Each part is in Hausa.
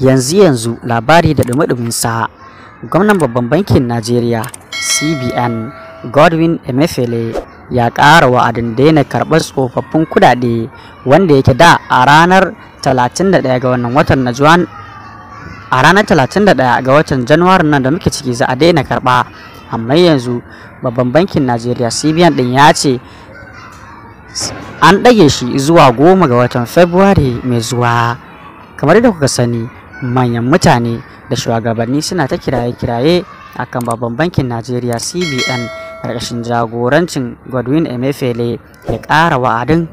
yanzu yanzu labari da dumi sa gwamnan babban bankin najeriya cbn godwin emefiele ya ƙara wa'adin daina karɓar tsofaffin kudade wanda yake da a ranar 31 ga wannan watan na juwan a ranar 31 ga watan januwar nan da muke ciki za a daina karɓa amma yanzu babban bankin najeriya cbn din ya ce an ɗage shi zuwa goma ga watan february mai zuwa kamar da kuka sani manyan mutane da shugabanni suna ta kiraye-kiraye a kan babban bankin najeriya cbn ƙarƙashin jagorancin godwin emefiele ya ƙara wa'adin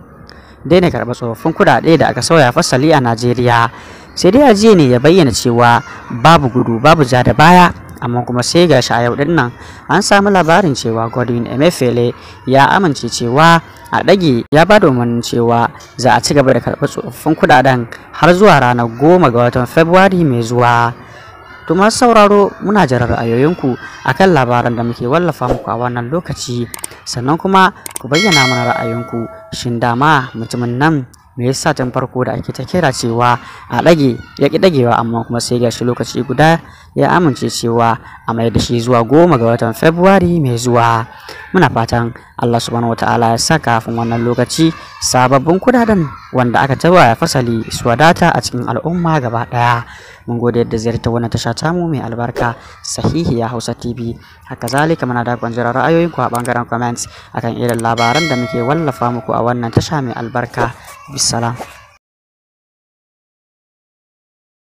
daina karɓar tsofaffin kuɗaɗe da aka sauya fasali a najeriya sai dai ajiye ne ya bayyana cewa babu gudu babu ja da baya amma kuma sai gashi, shi a yau din nan an samu labarin cewa Godwin Emefele ya amince cewa a ɗage ya ba da umarnin cewa za a ci gaba da karɓar tsofaffin kuɗaɗen har zuwa ranar goma ga watan Fabrairu mai zuwa. To masu sauraro muna jarar ra'ayoyinku akan labaran da muke wallafa muku a wannan lokaci sannan kuma ku bayyana mana ra'ayinku shin dama mutumin nan me yasa tun farko da ake ta kira cewa a ɗage ya ƙi ɗagewa amma kuma sai shi lokaci guda ya amince cewa a mai da shi zuwa goma ga watan february mai zuwa muna fatan allah subhanahu wataala ya sa kafin wannan lokaci sababbin kudaden wanda aka taba ya fasali su wadata a cikin al'umma gaba ɗaya mun gode yadda ziyarta wannan tasha tamu mai albarka sahihi ya hausa tv haka zalika muna da kwanjira ra'ayoyinku a bangaren comments akan irin labaran da muke wallafa muku a wannan tasha mai albarka Bisalam.